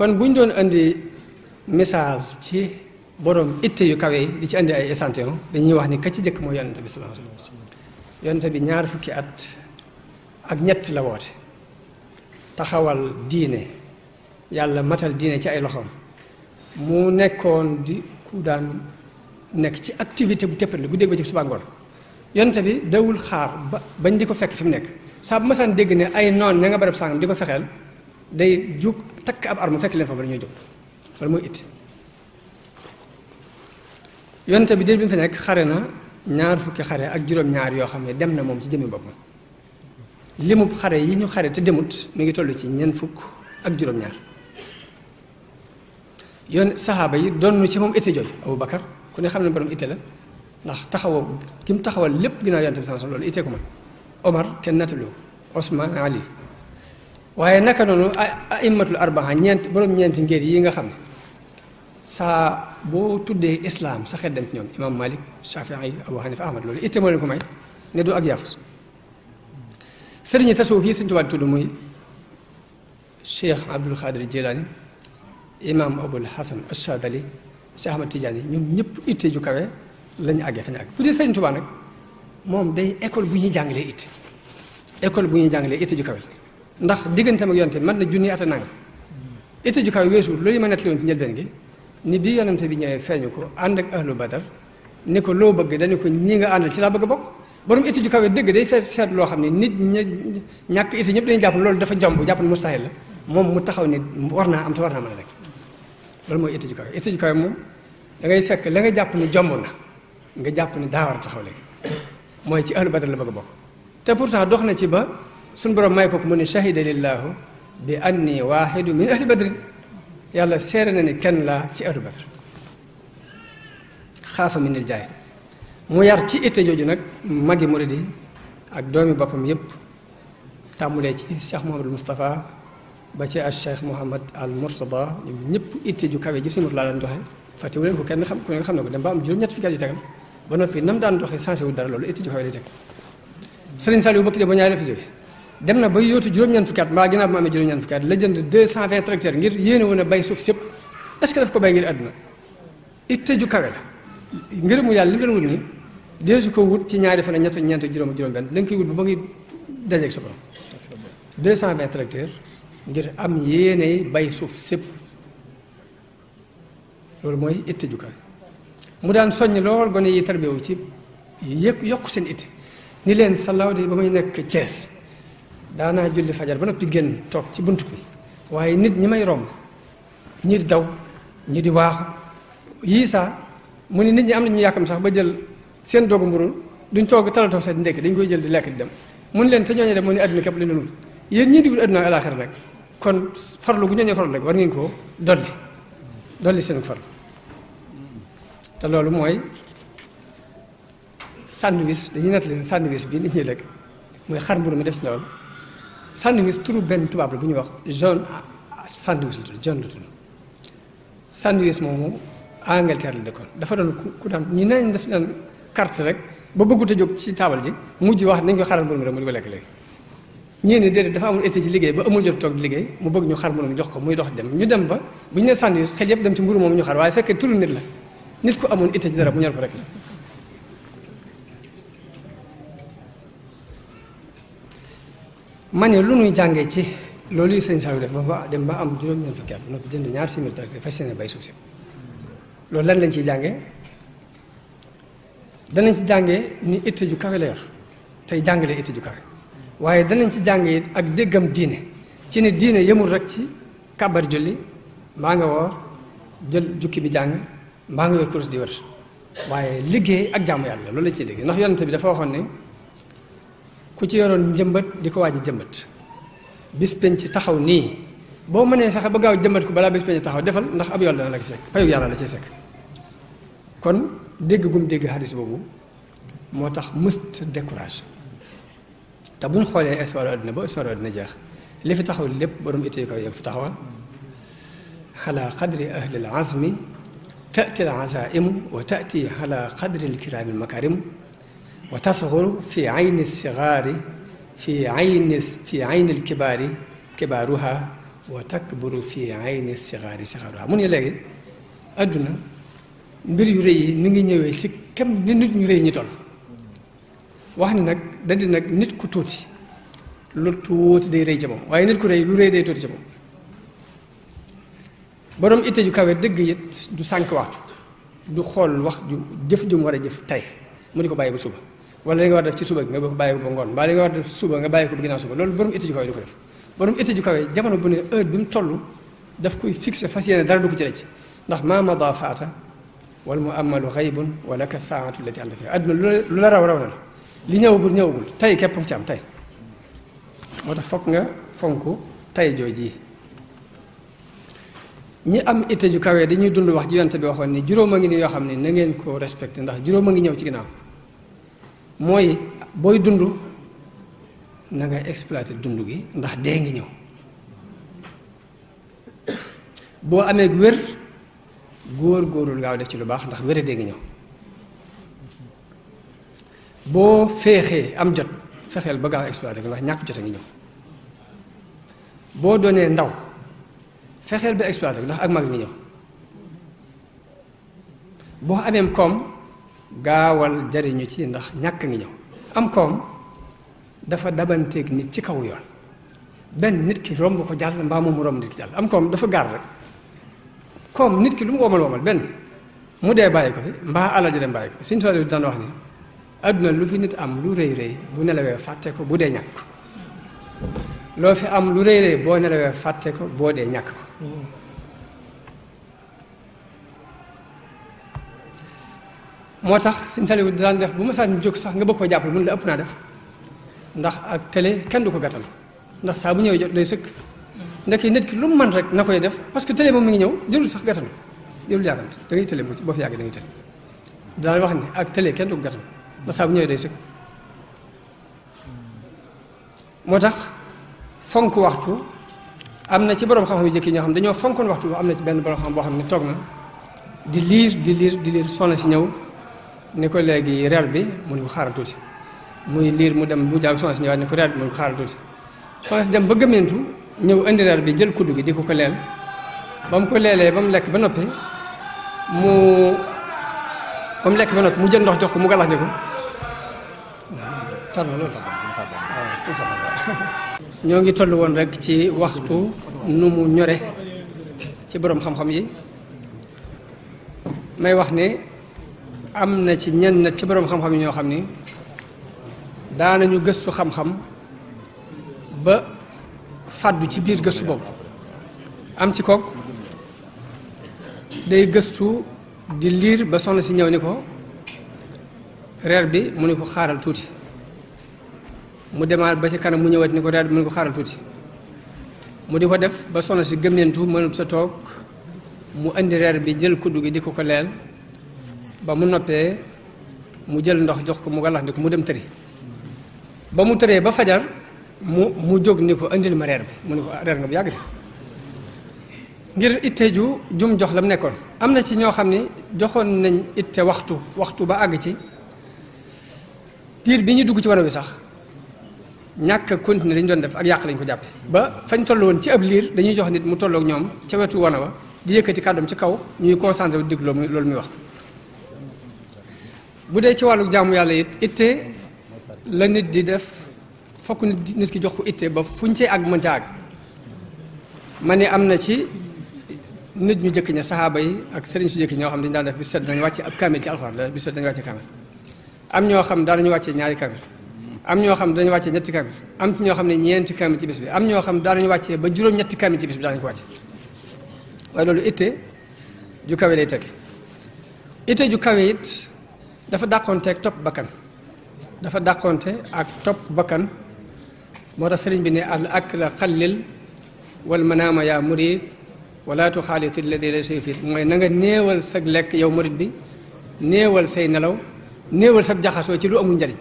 kon bu ñu doon indi misaal ci borom itte yu kawe yi di ci indi ay échantillon dañuy wax ni ka ci jëkk mooy yonente bi sallallahu alayhi wa bi ñaar fukki at ak ñett la woote taxawal diine yàlla matal diine ci ay loxoom mu nekkoon di ku daan nekk ci activité bu tëppale guddeeg ba ci suba ngoon yonte bi dawul xaar ba bañ di ko fekk fi mu nekk saa bu ma saan dégg ne ay noon ña nga barab sàngam di ko fexeel day jug takk ab arme fekk leen fa ba dañoo jóg loolu mooy it yonte bi dër bi fi nekk xare na ñaar fukki xare ak juróom-ñaar yoo xam ne dem na moom ci jëmmi boppam limub xare yi ñu xare te demut mu ngi toll ci ñeent fukk ak juróom-ñaar yoon saxaaba yi doon ci moom itte jooju Abu Bakar ku ne xam ne borom itte la ndax taxawoo ki taxawal lépp ginnaaw yonte bi sama loolu itte ko man Omar kenn nattalu Osman Ali waaye naka noonu aimmatul arbaa ñeent borom ñeenti ngir yi nga xam ne saa boo tuddee islaam sa xel dem ci ñoom imaam Malik Shafii Abu Hanifa Ahmad loolu itte moo leen ko may ne du ak yaafus sëriñi tasawuf yi Sëriñ Tuubaa tudd muy Cheikh Abdul Xaadir Jilaani imaam Abul ñëpp ju kawe la ñu àggee fa ñu nag moom day école bu ñuy jàngalee itte école bu ñuy jàngalee itte ju kawe la ndax diggante ak yonte man mën na junni at a nanga ite ju kaw weesu loolu ma nettali woon ci njëlbeen gi ni bii yonante bi ñëwee feeñu ko ànd ak ahlu badar ni ko loo bëgg dañu ko ñii nga àndal ci laa bëgg a bokk borom ite ju kaw yi dëgg day seet loo xam ne nit ña ñàkk ite ñëpp dañuy jàpp loolu dafa jomb jàpp ne mustahil la moom mu taxaw ni war naa am te war naa mën a rek loolu mooy ite ju kaw yi ite kaw moom da ngay fekk la nga jàpp ni jomb na nga jàpp ni daa war a taxaw léegi mooy ci ahlu badar la bëgg a bokk te pourtant dox na ci ba suñu borom may ko mu ni shahida lillaahu bi anni waaxidu min ahli badrin yàlla seere na ni kenn laa ci ahlu badr xaafa min il jaahil mu yar ci itte jooju nag magi murid yi ak doomi boppam yépp tàmmulee ci Cheikh Mouhamadul ci al Cheikh Mouhamad al Murtada ñoom ñëpp itte ju kawe ji suñu laa daan doxe fàttewu leen ko kenn xam ku ne xam ne ko dem ba am juróom-ñett fukki at yu tegal ba noppi nam daan doxee sensé wu dara loolu itte ju kawe lay teg Sëriñ Saliou bu bëkk de dem na ba yootu juróom-ñeent fukki at mbaa ginnaaw bi ma amee juróom-ñeent fukki at la jënd deux cent vingt tracteurs ngir yéene woon a bay suuf sëpp est-ce que ko bay ngir àdduna itte ju kawe la ngir mu yàlla li mu doon wut nii ci ñaari fan ñett ñeent juróom juróom benn da nga koy wut ba ngi cent vingt tracteurs ngir am yéeney bay suuf sëpp loolu mooy itte ju kawe mu daan soññ lool gone yi tarbiyewu ci yëpp yokk seen it ni leen sa law de ba muy nekk Thiès daanaa julli fajar ba noppi génn toog ci bunt bi waaye nit ñi may romb ñii di daw ñi di waaxu yii saa mu ni nit ñi am nañu ñu yàkkam sax ba jël seen doogu mburu duñ toog talatoo sax di ndekki dañ koy jël di lekk di dem mun leen te ñooñu dem mu ne adduna képp la ñu wut yéen di wut adduna alaxira rek kon farlu gu ñooñu farlu rek war ngeen ko dolli dolli seen farlu te loolu mooy sandwich dañuy natt leen sandwich bi nit ñi lekk mooy xar mburu mi def si loolu Sandwich turu benn tubaab la bu ñuy wax John Sandwich la tudd John la tudd Sandwich moomu Angleterre la dëkkoon dafa doon ku daan ñi nañ def daan carte rek ba bëggut a jóg ci taabal ji mujj wax nañ ko xaral mburu mi rek mu di ko lekk léegi ñeen ni déedéet dafa ñu xar mburu mi jox ko muy dox dem ñu dem ba bu ñu ne Sandwich xel yëpp dem ci mburu moomu ñu xar waaye fekkee turu nit la nit ku amoon été dara mu ñor ko rek la ma ne lu ñuy jàngee ci loolu yi sëñ Saliou def ba dem ba am juróom-ñeent fukki at noppi jënd ñaar simili tracteur fas yéene bay suuf si loolu lan lañ ciy jàngee danañ ci jàngee ni itte ju kawe la yor tey jàngale itte ju kawe waaye danañ ci jàngee it ak déggam diine ci ne diine yemul rek ci kàbbar julli mbaa nga woor jël jukki bi jàng mbaa nga yor kurus di wër waaye liggéey ak jaamu yàlla loolu la ci liggéey ndax yonent bi dafa waxoon ne. ku ci yoroon njëmbat di ko waaj a jëmbat bis penc taxaw nii boo mënee fexe ba gaaw jëmbat ko balaa bis penc taxaw defal ndax ab yool dana la fekk payu yàlla la cay fekk kon dégg gum dégg xadis boobu moo tax mëst décourage te buñ xoolee histoire àdduna ba histoire àdduna jeex li fi taxaw lépp borom ittee ko yëpp fi taxawal xalaa qadri ahli al azmi tati al azaimu wa tati ala qadri al makarim fi وتصغر في عين الصغار في عين في عين الكبار takk وتكبر fi عين الصغار صغارها mu ne léegi adduna mbir yu rëy yi mi ngi ñëwee ci kam ni nit ñu rëy ñi toll wax ni nag dadi nag nit ku tuuti lu tuuti day rëy ci waaye nit ku rëy lu rëy day tuuti ci moom borom itte ju kawe dëgg it du sànq waxtu du xool wax ju jëf ju war a jëf tey mu ne ko bàyyi ba suba wala li nga war def ci suba nga bàyyi ko ba ngoon mbaa li nga war def ci suba nga bàyyi ko ba ginnaaw suba loolu borom étude ju du ko def borom étude ju kawe bu ne heure bi mu toll daf koy fixé fas yéene dara du ko ci rëcc ndax maa mada faata wal mu amalu xaybun wala ka saatu lati ànd fi àdduna lu la raw raw na la li ñëwagul ñëwagul tey képp ci am tey moo tax fokk nga fonk tey jooj yi ñi am étude ju kawe dañuy dund wax ji yonte bi waxoon ni juróom a ngi ni yoo xam ne na ngeen ko respecté ndax juróom a ngi ñëw ci ginnaaw mooy booy dund na ngay exploiter dund gi ndax dee ngi ñëw boo amee wér góor góorul gaaw def ci lu baax ndax wér dee ngi ñëw boo féexee am jot fexeel ba gaaw exploiter ko ndax ñàkk jot a ngi ñëw boo doonee ndaw fexeel ba exploiter ko ndax ak mag ngi ñëw boo amee koom gaawal jariñu ci ndax ñàkk ngi ñëw am koom dafa dabanteeg nit ci kaw yoon benn nit ki romb ko jàll mbaa moom mu romb nit ki jàll am koom dafa gaar rek koom nit ki lu mu womal womal benn mu dee bàyyi ko fi mbaa alal ji dem bàyyi ko fi suñu tool daan wax ni adduna lu fi nit am lu rëy rëy bu nelawee fàtte ko bu dee ñàkk ko loo fi am lu rëy rëy boo nelawee fàtte ko boo dee ñàkk ko moo tax sëñ Saliou daan def bu ma saan jóg sax nga bëgg ko jàppale mun la ëpp naa ndax ak télé kenn du ko gàttal ndax saa bu ñëwee jot day sëkk ndeke nit lu mu mën rek na koy def parce que télé moom mi ngi ñëw jërul sax gàttal jërul yàggante da ngay télé boo fi yàggee da ngay wax ne ak télé kenn du ko gàttal ndax saa moo tax fonk waxtu am na ci borom xam-xam yu jëkki ñoo xam dañoo fonkoon waxtu am na ci benn borom xam boo xam ne toog na di liir di liir di liir sonn si ñëw ni ko léegi reer bi mu ne ko xaaral tuuti muy liir mu dem bu jaaw soxna si ñëwaat ni ko reer bi mu ne ko dem ba gëmmentu ñëw indi reer bi jël kuddu gi di ko ko leel ba mu ko leelee ba mu lekk ba noppi mu ba mu lekk ba noppi mu jël ndox jox ko mu galax ko ñoo ngi toll woon rek ci waxtu nu mu ñore ci boroom xam-xam yi may wax ne am na ci ñenn ci boroom xam-xam yi ñoo xam ni daana ñu gëstu xam-xam ba fàddu ci biir gëstu boobu am ci kook day gëstu di liir ba soxna si ñëw ni ko reer bi mu ne ko xaaral tuuti mu demaat ba ci kanam mu ñëwaat ni ko reer bi mu ni ko xaaral tuuti mu di ko def ba soxna si gëmneentu mënut sa toog mu indi reer bi jël kuddu gi di ko ko leel ba mu noppee mu jël ndox jox ko mu gàllandiku mu dem tëri ba mu tëree ba fajar mu mu jóg ni ko indil ma reer bi mu ne ko ah, reer nga bu yàgg de ngir itte ju jum jox la mu nekkoon am na ci ñoo xam ni joxoon nañ itte waxtu waxtu ba àgg ci diir bi ñuy dugg ci wana wi sax ñàkk a continuer dañu doon def ak yàq lañ ko jàppe ba fañ toll woon ci ab liir dañuy jox nit mu tollook ñoom ca wetu wana wa di yëkkati kàddum ci kaw ñuy concentré wu digg loolu muy wax bu dee ci wàllu jaamu yàlla it itte la nit di def fokk nit nit ki jox ko itte ba fuñ cee àgg mën ca àgg ma ne am na ci nit ñu jëkk ña saxaaba yi ak sëriñ su jëkk ñoo xam dañu daan def bi set dañu wàcce ab kaamil ci alxuraan la bi set dañu wàcce kaamil am ñoo xam daanañu wàcce ñaari kaamil am ñoo xam dañu wàcce ñetti kaamil am ci ñoo xam ne ñeenti kaamil ci bis bi am ñoo xam daanañu wàcce ba juróom-ñetti kaamil ci bis bi daanañu ko wàcce waaye ju kawe lay teg itte dafa dàqonte ak topp bakkan dafa dàqonte ak topp bakkan moo tax sëriñ bi ne al ak la xallil wal manaama yaa murid wala tuxaalit alladi la say fit mooy na nga néewal sag lekk yow murid bi néewal say nelaw néewal sag jaxasoo ci lu amul njariñ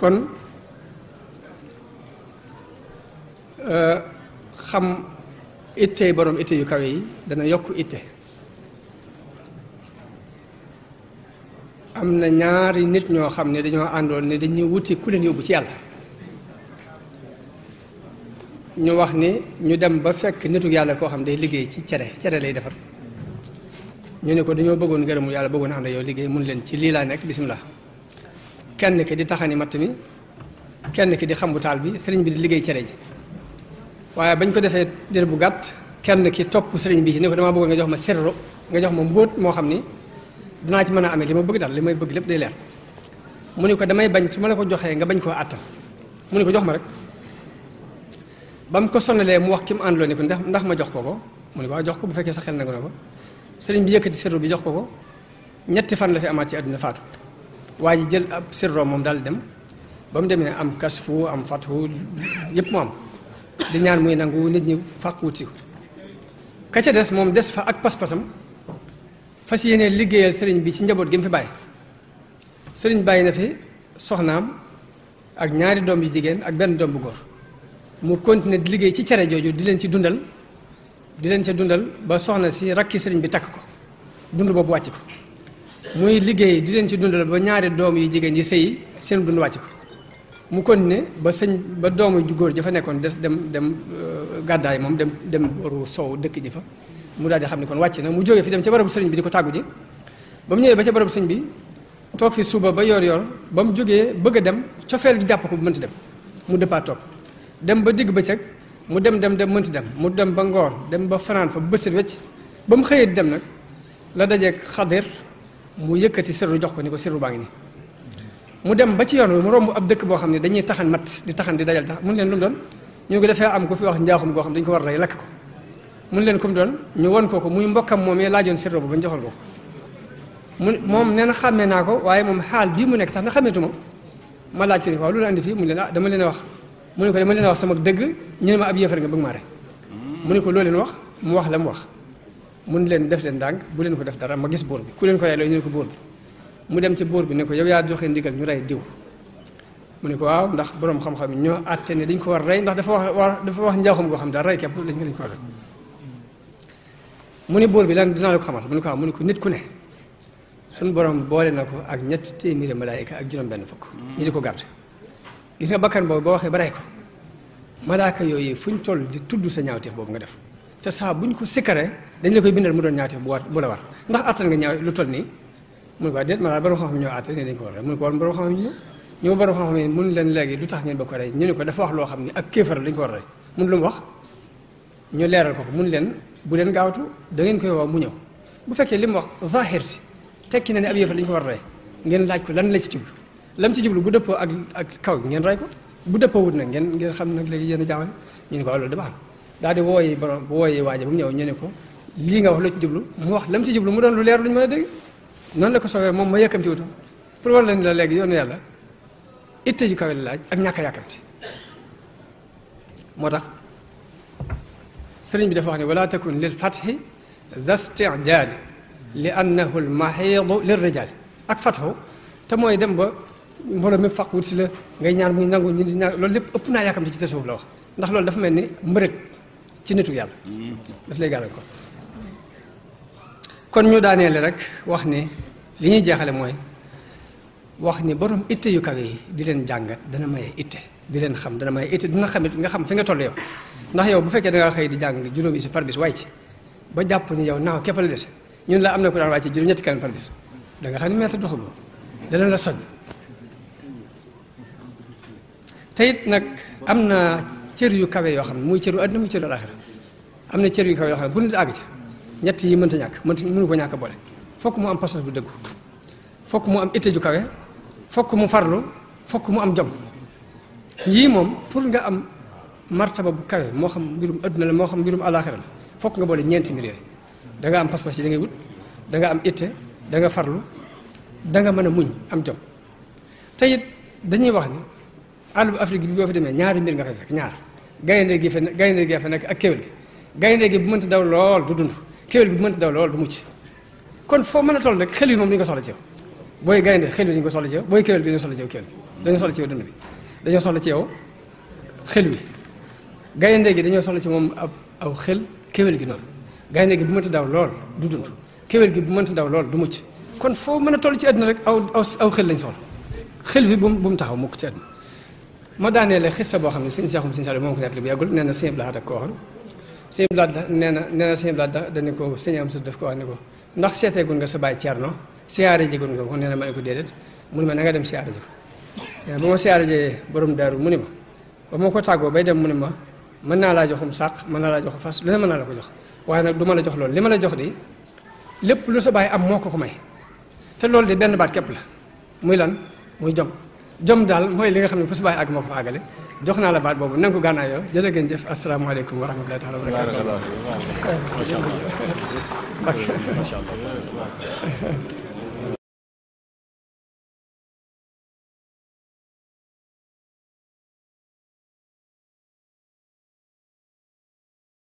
kon euh, xam ittey borom itte yu kawe yi dana yokk itte am na ñaari nit ñoo xam ne dañoo àndoon ni dañuy wuti ku leen yóbbu ci yàlla ñu wax ni ñu dem ba fekk nitu yàlla koo xam day liggéey ci cere cere lay defar ñu ne ko dañoo bëggoon gërëmu yàlla bëggoon xam ànd yow liggéey mun leen ci lii laa nekk bisimilah kenn ki di taxani matt mi kenn ki di xambu taal bi sëriñ bi di liggéey cere ji waaye bañ ko defee diir bu gàtt kenn ki topp sëriñ bi ci ne ko damaa bëggoon nga jox ma sirru nga jox ma mbóot moo xam ni dinaa ci mën a amee li ma bëgg daal li may bëgg lépp day leer mu ne ko damay bañ su ma la ko joxee nga bañ koo àttan mu ne ko jox ma rek ba mu ko sonalee mu wax ki mu àndaloo ne ko ndax ndax ma jox ko ko mu ne ko waaw jox ko bu fekkee sa xel nangu na ko sëriñ bi yëkkati sirru bi jox ko ko ñetti fan la fi amaat ci àdduna faatu waa ji jël ab sirroo moom daal dem ba mu demee am kas kasfu am fatu yëpp mu am di ñaan muy nangu nit ñi fàq wut si ka ca des moom des fa ak pas fas yéene liggéeyal sëriñ bi ci njaboot gi mu fi bàyyi sëriñ bàyyi na fi soxnaam ak ñaari doom yu jigéen ak benn doom bu góor mu continuer di liggéey ci cere jooju di leen ci dundal di leen ci dundal ba soxna si rakki sëriñ bi takk ko dund boobu wàcc ko muy liggéey di leen ci dundal ba ñaari doom yu jigéen yi sëyi seen dund wàcc ko mu continuer ba sëñ ba doomu ju góor ja fa nekkoon des dem dem euh, gàddaay moom dem dem boru sow dëkk ji fa mu daal xam ne kon wàcc na mu jógee fi dem ca barabu sëriñ bi di ko tàggu ji ba mu ñëwee ba ca barabu sëriñ bi toog fi suba ba yor yor ba mu jógee bëgg a dem cofeel gi jàpp ko bu mënti dem mu dëppaat toog dem ba digg bëccëg mu dem dem dem mënti dem mu dem ba ngoon dem ba fanaan fa bët set wecc ba mu xëyee di dem nag la dajeeg xadir mu yëkkati sirru jox ko ni ko sirru baa ngi ni mu dem ba ci yoon wi mu romb ab dëkk boo xam ne dañuy taxan mat di taxan di dajal tax mun leen lu mu doon ñu ngi defee am ku xam dañu ko war a rey ko mun leen kum doon ñu won ko ko muy mbokkam moom yee laajoon sirro ba ñu joxoon ko mu moom nee na xàmmee naa ko waaye moom xaal bii mu nekk tax na xàmmeetu ma ma laaj ko ni ko waaw loolu andi fii mu leen ah dama leen wax mu ne ko dama leen wax sama dëgg ñu ne ma ab yéefar nga bëgg maa mu ne ko loo leen wax mu wax la mu wax mun leen def leen ndànk bu leen ko def dara ma gis buur bi ku leen ko yaay looyu ñu ne ko buur bi mu dem ci buur bi ne ko yow yaa joxe ndigal ñu rey diw mu ne ko waaw ndax boroom xam-xam ñoo àtte ne dañ ko war rey ndax dafa wax dafa wax njaaxum goo xam daal rey képp dañ mu ne bool bi lan dinaa la ko xamal mu ne ko mu ne ko nit ku ne suñu borom boole na ko ak ñetti téeméeri malaayika ak juróom-benn fukk mm. ñu di ko garde gis nga bakkan boobu boo waxee ba rey ko malaaka yooyu fu ñu toll di tudd sa ñaawteef boobu nga def te saa bu ñu ko sikkaree dañ la koy bindal mu doon ñaawteef bu war bu la war ndax attan nga ñaaw lu toll nii mu ne ko déet malaaka borom xam-xam ñoo àtte ne dañ ko war mu ne mun leen léegi lu tax ngeen ba ko rey ñu ne ko dafa wax loo xam ne ak kéefar dañ ko war rey mun lu mu wax ñu leeral ko ko mun leen bu leen gaawtu da ngeen koy woo mu ñëw bu fekkee li mu wax zahir si tekki na ne ab yëfal lañ ko war a ngeen laaj ko lan la ci jublu lam ci jublu bu dëppoo ak ak kaw ngeen rey ko bu dëppoo wut nag ngeen ngeen xam nag léegi yéen a jaawale ñu ne ko loolu da baax daal di wooyi borom wooyi waaja ba mu ñëw ñu ne ko lii nga wax la ci jublu mu wax lam ci jublu mu doon lu leer lu ñu mën a dégg noonu la ko soowee moom ma yëkkamti wutam pour war leen la léegi yoonu yàlla itte ju kawe la laaj ak ñàkk a yàkkamti tax sëriñ bi dafa wax ne wala takun lil fatxi da stijaali li annahu l maxiidu lil rijaali ak fatxu te mooy dem ba mbooloo mi faq wut si la ngay ñaan muy nangu ñi di ñaan loolu lépp ëpp naa yaakamte ci tasawuf la wax ndax loolu dafa mel ni mbërët ci nitu yàlla daf lay gàllan ko kon ñu daaneele rek wax ni li ñuy jeexale mooy wax ni borom itte yu kawe yi di leen jàngat dana maye itte di leen xam dana may étude dina xam it nga xam fi nga toll yow ndax yow bu fekkee da xëy di jàng juróomi si par bis waay ci ba jàpp ni yow naaw képp la des ñun la am na ku daan wàcce juróom-ñetti kan par bis da nga xam ne meeta doxagoo dana la soñ te it nag am na cër yu kawe yoo xam ne muy cëru àdduna muy cëru alaxira am na cër yu kawe yoo xam ne bu nit àgg ci ñett yi mënta ñàkk mënta mënu ko ñàkk boole fokk mu am pas bu dëggu fokk mu am itte ju kawe fokk mu farlu fokk mu am jom yii moom pour nga am martaba bu kawe moo xam mbirum adduna la moo xam mbirum alaaxira la fokk nga boole ñeenti mbir danga am pas-pas yi da ngay wut danga am itte da nga farlu da nga mën a muñ am jom te it dañuy wax ni àll bu Afrique bi boo fi demee ñaari mbir nga fay fekk ñaar gaynde gi fa gaynde gi fa nekk ak kéwél gi gaynde gi bu mënta daw lool du dund kéwél gi bu mënta daw lool du mucc kon foo mën a toll rek xel yi moom dañu ko soxla ci yow booy gaynde xel yi dañu ko soxla ci yow booy bi dañu ko soxla ci yow kéwél bi dañu soxla bi dañoo soxla ci yow xel wi gaynde gi dañoo soxla ci moom ab aw xel kéwél gi noonu gaynde gi bu mënta daw lool du dund kéwél gi bu mënta daw lool du mucc kon foo mën a toll ci àdduna rek aw aw xel lañ soxla xel wi bu mu taxaw mu taxaw mukk ci àdduna ma daaneele xissa boo xam ne sëñ Seexum sëñ Saliou moom ko nettali bu yàggul nee na sëñ Blaat ak koo waxoon sëñ Blaat nee na nee na sëñ Blaat dañu koo sëñ am sa def ko wax ne ko ndax seeteegun nga sa bàyyi Cerno siyaare jegun nga ko na ma ne ko déedéet mun ma na nga dem siyaare ji ba ma siyaaree borom daaru mu ni ma ba ma ko tàggoo bay dem mu ni ma mën naa laa joxum sàq mën naa laa jox um fas lu ne mën naa la ko jox waaye nag du ma la jox loolu li ma la jox di lépp lu sa baay am moo ko ko may te loolu de benn baat képp la muy lan muy jom jom daal mooy li nga xam ne fu sa baay àgg moo ko fa àggale jox naa la baat boobu nangu gànnaaw yow jërë ngeen jëf asalaamaaleykum wa rahmatullahi taala wa barakatuh. macha allah macha allah.